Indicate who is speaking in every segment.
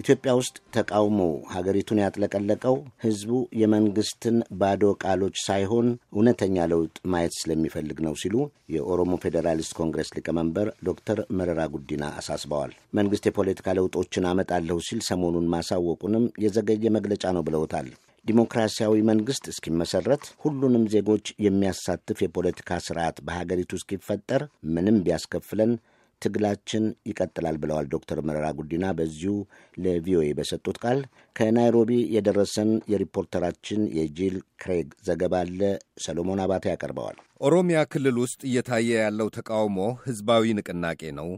Speaker 1: ኢትዮጵያ ውስጥ ተቃውሞ ሀገሪቱን ያጥለቀለቀው ሕዝቡ የመንግስትን ባዶ ቃሎች ሳይሆን እውነተኛ ለውጥ ማየት ስለሚፈልግ ነው ሲሉ የኦሮሞ ፌዴራሊስት ኮንግረስ ሊቀመንበር ዶክተር መረራ ጉዲና አሳስበዋል። መንግስት የፖለቲካ ለውጦችን አመጣለሁ ሲል ሰሞኑን ማሳወቁንም የዘገየ መግለጫ ነው ብለውታል። ዲሞክራሲያዊ መንግሥት እስኪመሠረት ሁሉንም ዜጎች የሚያሳትፍ የፖለቲካ ስርዓት በሀገሪቱ እስኪፈጠር ምንም ቢያስከፍለን ትግላችን ይቀጥላል ብለዋል ዶክተር መረራ ጉዲና በዚሁ ለቪኦኤ በሰጡት ቃል። ከናይሮቢ የደረሰን የሪፖርተራችን የጂል ክሬግ ዘገባ አለ። ሰሎሞን አባተ ያቀርበዋል።
Speaker 2: ኦሮሚያ ክልል ውስጥ እየታየ ያለው ተቃውሞ ሕዝባዊ ንቅናቄ ነው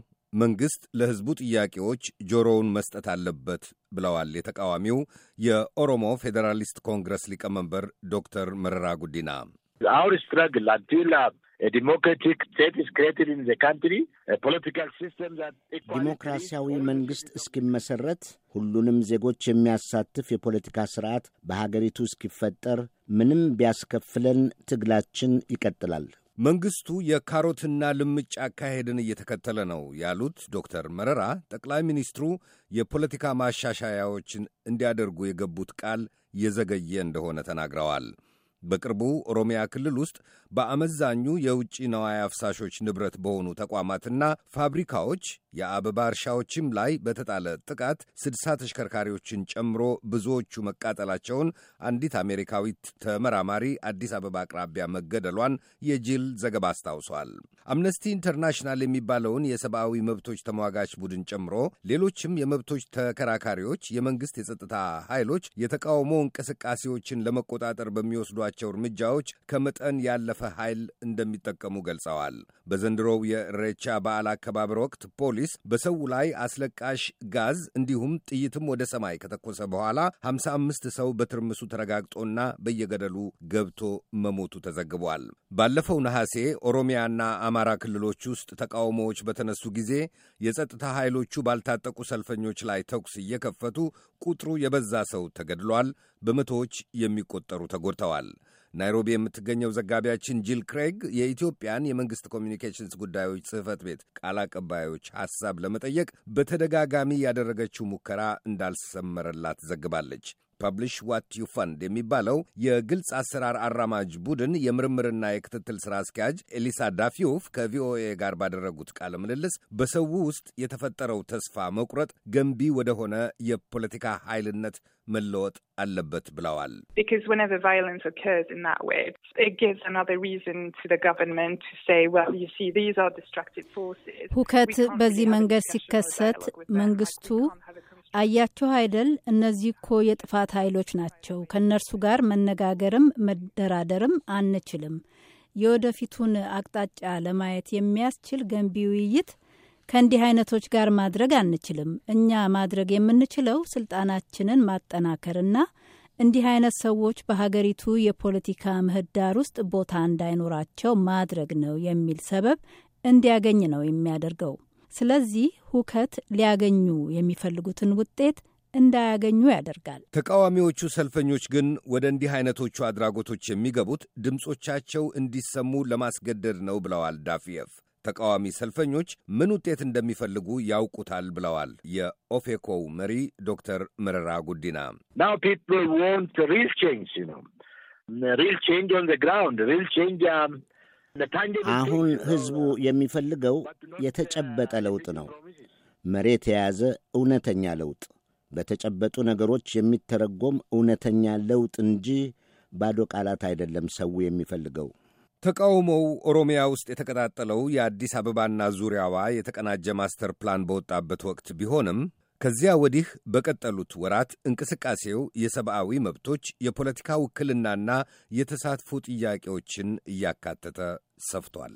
Speaker 2: መንግሥት ለሕዝቡ ጥያቄዎች ጆሮውን መስጠት አለበት ብለዋል የተቃዋሚው የኦሮሞ ፌዴራሊስት ኮንግረስ ሊቀመንበር ዶክተር መረራ ጉዲና። አውር ስትራግል አንቲል ዲሞክራሲያዊ
Speaker 1: መንግሥት እስኪመሠረት ሁሉንም ዜጎች የሚያሳትፍ የፖለቲካ ሥርዓት በሀገሪቱ እስኪፈጠር ምንም ቢያስከፍለን ትግላችን ይቀጥላል።
Speaker 2: መንግስቱ የካሮትና ልምጭ አካሄድን እየተከተለ ነው ያሉት ዶክተር መረራ ጠቅላይ ሚኒስትሩ የፖለቲካ ማሻሻያዎችን እንዲያደርጉ የገቡት ቃል የዘገየ እንደሆነ ተናግረዋል። በቅርቡ ኦሮሚያ ክልል ውስጥ በአመዛኙ የውጭ ነዋይ አፍሳሾች ንብረት በሆኑ ተቋማትና ፋብሪካዎች፣ የአበባ እርሻዎችም ላይ በተጣለ ጥቃት ስድሳ ተሽከርካሪዎችን ጨምሮ ብዙዎቹ መቃጠላቸውን አንዲት አሜሪካዊት ተመራማሪ አዲስ አበባ አቅራቢያ መገደሏን የጂል ዘገባ አስታውሷል። አምነስቲ ኢንተርናሽናል የሚባለውን የሰብአዊ መብቶች ተሟጋች ቡድን ጨምሮ ሌሎችም የመብቶች ተከራካሪዎች የመንግሥት የጸጥታ ኃይሎች የተቃውሞ እንቅስቃሴዎችን ለመቆጣጠር በሚወስዷ በሚወስዷቸው እርምጃዎች ከመጠን ያለፈ ኃይል እንደሚጠቀሙ ገልጸዋል። በዘንድሮው የእሬቻ በዓል አከባበር ወቅት ፖሊስ በሰው ላይ አስለቃሽ ጋዝ እንዲሁም ጥይትም ወደ ሰማይ ከተኮሰ በኋላ 55 ሰው በትርምሱ ተረጋግጦና በየገደሉ ገብቶ መሞቱ ተዘግቧል። ባለፈው ነሐሴ ኦሮሚያና አማራ ክልሎች ውስጥ ተቃውሞዎች በተነሱ ጊዜ የጸጥታ ኃይሎቹ ባልታጠቁ ሰልፈኞች ላይ ተኩስ እየከፈቱ ቁጥሩ የበዛ ሰው ተገድሏል። በመቶዎች የሚቆጠሩ ተጎድተዋል። ናይሮቢ የምትገኘው ዘጋቢያችን ጂል ክሬግ የኢትዮጵያን የመንግስት ኮሚኒኬሽንስ ጉዳዮች ጽህፈት ቤት ቃል አቀባዮች ሐሳብ ለመጠየቅ በተደጋጋሚ ያደረገችው ሙከራ እንዳልሰመረላት ዘግባለች። ፐብሊሽ ዋት ዩ ፈንድ የሚባለው የግልጽ አሰራር አራማጅ ቡድን የምርምርና የክትትል ስራ አስኪያጅ ኤሊሳ ዳፊዮፍ ከቪኦኤ ጋር ባደረጉት ቃለ ምልልስ በሰው ውስጥ የተፈጠረው ተስፋ መቁረጥ ገንቢ ወደሆነ የፖለቲካ ኃይልነት መለወጥ አለበት ብለዋል።
Speaker 3: ሁከት በዚህ መንገድ ሲከሰት መንግስቱ አያችሁ አይደል እነዚህ እኮ የጥፋት ኃይሎች ናቸው። ከእነርሱ ጋር መነጋገርም መደራደርም አንችልም። የወደፊቱን አቅጣጫ ለማየት የሚያስችል ገንቢ ውይይት ከእንዲህ አይነቶች ጋር ማድረግ አንችልም። እኛ ማድረግ የምንችለው ስልጣናችንን ማጠናከርና እንዲህ አይነት ሰዎች በሀገሪቱ የፖለቲካ ምህዳር ውስጥ ቦታ እንዳይኖራቸው ማድረግ ነው የሚል ሰበብ እንዲያገኝ ነው የሚያደርገው። ስለዚህ ሁከት ሊያገኙ የሚፈልጉትን ውጤት እንዳያገኙ ያደርጋል።
Speaker 2: ተቃዋሚዎቹ ሰልፈኞች ግን ወደ እንዲህ አይነቶቹ አድራጎቶች የሚገቡት ድምፆቻቸው እንዲሰሙ ለማስገደድ ነው ብለዋል ዳፊየፍ። ተቃዋሚ ሰልፈኞች ምን ውጤት እንደሚፈልጉ ያውቁታል ብለዋል የኦፌኮው መሪ ዶክተር መረራ ጉዲና። ሪል ቼንጅ አሁን
Speaker 1: ሕዝቡ የሚፈልገው የተጨበጠ ለውጥ ነው። መሬት የያዘ እውነተኛ ለውጥ፣ በተጨበጡ ነገሮች የሚተረጎም እውነተኛ ለውጥ እንጂ ባዶ ቃላት አይደለም ሰው የሚፈልገው።
Speaker 2: ተቃውሞው ኦሮሚያ ውስጥ የተቀጣጠለው የአዲስ አበባና ዙሪያዋ የተቀናጀ ማስተር ፕላን በወጣበት ወቅት ቢሆንም ከዚያ ወዲህ በቀጠሉት ወራት እንቅስቃሴው የሰብአዊ መብቶች፣ የፖለቲካ ውክልናና የተሳትፎ ጥያቄዎችን እያካተተ ሰፍቷል።